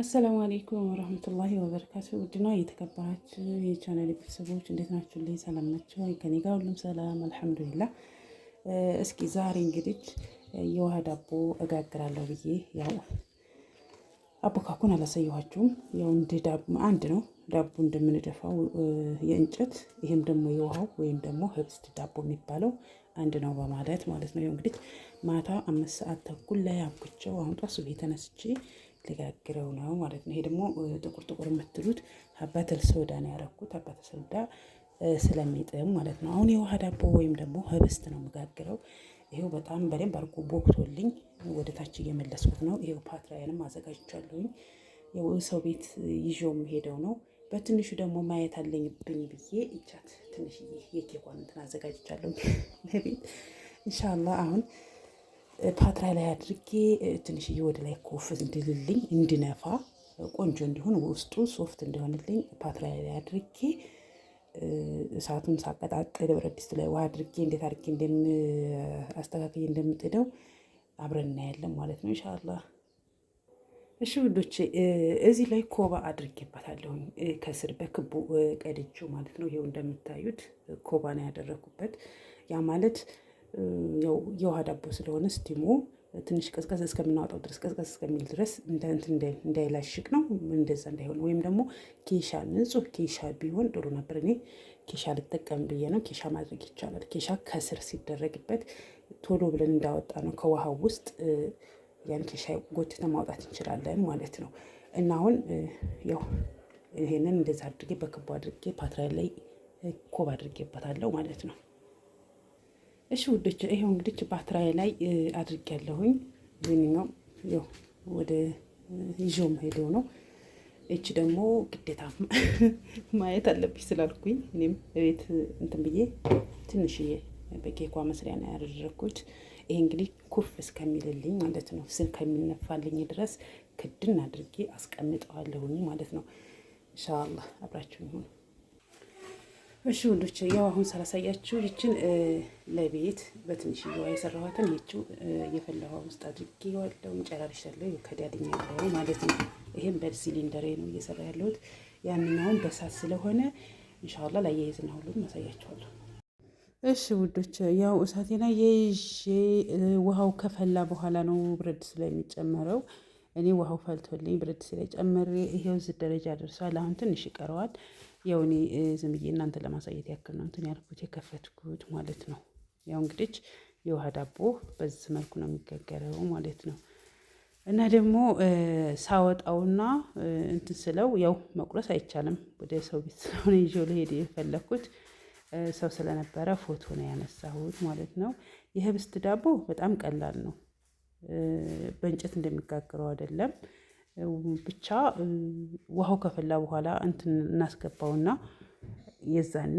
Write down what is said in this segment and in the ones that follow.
አሰላሙ አሌይኩም ወረህመቱላሂ ወበረካቱ። ውድና እየተከበራችሁ የቻናል ቤተሰቦች እንዴት ናችሁ? ላይ ሰላም ናቸው ከኔ ጋር ሁሉም ሰላም አልሐምዱሊላህ። እስኪ ዛሬ እንግዲህ የውሃ ዳቦ እጋግራለሁ ብዬ ያው አቦካኩን አላሳየኋችሁም። ያው እንደ ዳቦ አንድ ነው ዳቦ እንደምንደፋው የእንጨት ይህም ደግሞ የውሃው ወይም ደግሞ ህብስት ዳቦ የሚባለው አንድ ነው በማለት ማለት ነው። እንግዲህ ማታ አምስት ሰዓት ተኩል ላይ አብኩቸው አሁን ጧት ሱብሂ ተነስቼ ልጋግረው ነው ማለት ነው። ይሄ ደግሞ ጥቁር ጥቁር የምትሉት ሀባተል ሶዳ ነው ያረኩት። ሀባተል ሶዳ ስለሚጥም ማለት ነው። አሁን የውሃ ዳቦ ወይም ደግሞ ህብስት ነው የምጋግረው። ይሄው በጣም በደንብ አርጎ ቦክቶልኝ ወደ ታች እየመለስኩት ነው። ይሄው ፓትራዬንም አዘጋጅቻለሁኝ። ሰው ቤት ይዤው የምሄደው ነው። በትንሹ ደግሞ ማየት አለኝብኝ ብዬ እቻት ትንሽ የኬኳን እንትን አዘጋጅቻለሁ ለቤት ኢንሻላህ አሁን ፓትራ ላይ አድርጌ ትንሽዬ ወደ ላይ ኮፍ እንድልልኝ እንድነፋ ቆንጆ እንዲሆን ውስጡ ሶፍት እንዲሆንልኝ ፓትራ ላይ አድርጌ እሳቱን ሳቀጣጥል ብረት ድስት ላይ ውሃ አድርጌ እንዴት አድርጌ አስተካክዬ እንደምጥደው አብረን እናያለን ማለት ነው እንሻላ እሺ ውዶቼ እዚህ ላይ ኮባ አድርጌበታለሁኝ ከስር በክቡ ቀድጆ ማለት ነው። ይኸው እንደምታዩት ኮባ ነው ያደረኩበት ያ ማለት ያው የውሃ ዳቦ ስለሆነ ስቲሙ ትንሽ ቀዝቀዝ እስከምናወጣው ድረስ ቀዝቀዝ እስከሚል ድረስ እንዳይላሽቅ ነው። እንደዛ እንዳይሆን ወይም ደግሞ ኬሻ፣ ንጹህ ኬሻ ቢሆን ጥሩ ነበር። እኔ ኬሻ ልጠቀም ብዬ ነው። ኬሻ ማድረግ ይቻላል። ኬሻ ከስር ሲደረግበት ቶሎ ብለን እንዳወጣ ነው ከውሃው ውስጥ ያን ኬሻ ጎትተ ማውጣት እንችላለን ማለት ነው። እና አሁን ያው ይሄንን እንደዛ አድርጌ በክቡ አድርጌ ፓትራይ ላይ ኮብ አድርጌበታለሁ ማለት ነው። እሺ ውዶች ይሄው እንግዲህ ባትራይ ላይ ግን ነው ያው ወደ ይዞም ሄዶ ነው። እቺ ደግሞ ግዴታ ማየት አለብኝ ስላልኩኝ እኔም እቤት እንትን ብዬ ትንሽዬ በኬኳ መስሪያ ነው ያደረኩት። ይሄ እንግዲህ ኩፍ እስከሚልልኝ ማለት ነው፣ ስል ከሚነፋልኝ ድረስ ክድን አድርጌ አስቀምጠዋለሁኝ ማለት ነው። ኢንሻአላህ አብራችሁ ይሁን። እሺ ወንዶች ያው አሁን ሳላሳያችሁ ይችን ለቤት በትንሽ ይዋ የሰራኋትን ይችው እየፈላኋ ውስጥ አድርጌ ዋለው ጨራርሻለሁ። ከዳድኛ ያለው ማለት ነው። ይሄን በሲሊንደሬ ነው እየሰራ ያለሁት። ያንኛውን በሳት ስለሆነ ኢንሻአላህ ላያይዝና ሁሉም አሳያችኋለሁ። እሺ ውዶች ያው እሳቴና የይዤ ውሃው ከፈላ በኋላ ነው ብረድ ድስት የሚጨመረው። እኔ ውሃው ፈልቶልኝ ብረድ ድስት ጨመሬ ይሄው እዚህ ደረጃ ደርሷል። አሁን ትንሽ ይቀረዋል። ያው እኔ ዝም ብዬ እናንተ ለማሳየት ያክል ነው እንትን ያልኩት የከፈትኩት ማለት ነው። ያው እንግዲህ የውሃ ዳቦ በዚህ መልኩ ነው የሚጋገረው ማለት ነው። እና ደግሞ ሳወጣውና እንትን ስለው ያው መቁረስ አይቻልም። ወደ ሰው ቤት ስለሆነ ይዤው ለሄድ የፈለግኩት ሰው ስለነበረ ፎቶ ነው ያነሳሁት ማለት ነው። የህብስት ዳቦ በጣም ቀላል ነው። በእንጨት እንደሚጋግረው አይደለም። ብቻ ውሃው ከፈላ በኋላ እንትን እናስገባውና የዛኔ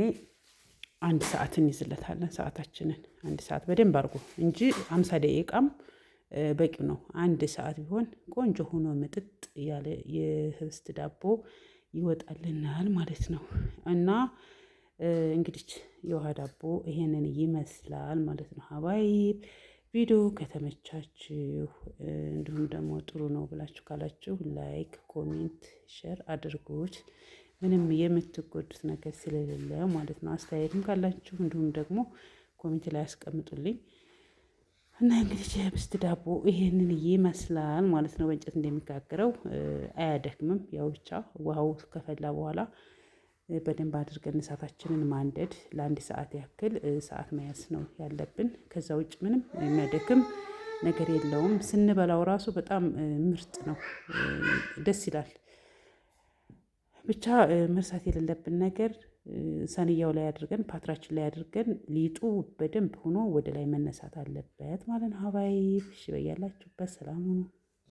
አንድ ሰዓት እንይዝለታለን። ሰዓታችንን አንድ ሰዓት በደንብ አድርጎ እንጂ አምሳ ደቂቃም በቂ ነው። አንድ ሰዓት ቢሆን ቆንጆ ሆኖ ምጥጥ ያለ የህብስት ዳቦ ይወጣልናል ማለት ነው። እና እንግዲች የውሃ ዳቦ ይሄንን ይመስላል ማለት ነው ሀባይብ ቪዲዮ ከተመቻችሁ እንዲሁም ደግሞ ጥሩ ነው ብላችሁ ካላችሁ ላይክ፣ ኮሜንት፣ ሼር አድርጉት። ምንም የምትጎዱት ነገር ስለሌለ ማለት ነው። አስተያየትም ካላችሁ እንዲሁም ደግሞ ኮሜንት ላይ ያስቀምጡልኝ እና እንግዲህ ጀብስት ዳቦ ይሄንን ይመስላል ማለት ነው። በእንጨት እንደሚጋገረው አያደክምም። ያው ብቻ ውሃው ከፈላ በኋላ በደንብ አድርገን እሳታችንን ማንደድ ለአንድ ሰዓት ያክል ሰዓት መያዝ ነው ያለብን። ከዛ ውጭ ምንም የሚያደክም ነገር የለውም። ስንበላው ራሱ በጣም ምርጥ ነው፣ ደስ ይላል። ብቻ መርሳት የሌለብን ነገር ሰንያው ላይ አድርገን ፓትራችን ላይ አድርገን ሊጡ በደንብ ሆኖ ወደ ላይ መነሳት አለበት ማለት ነው። ሀባይ ሽ በያላችሁበት ሰላም ሁኑ።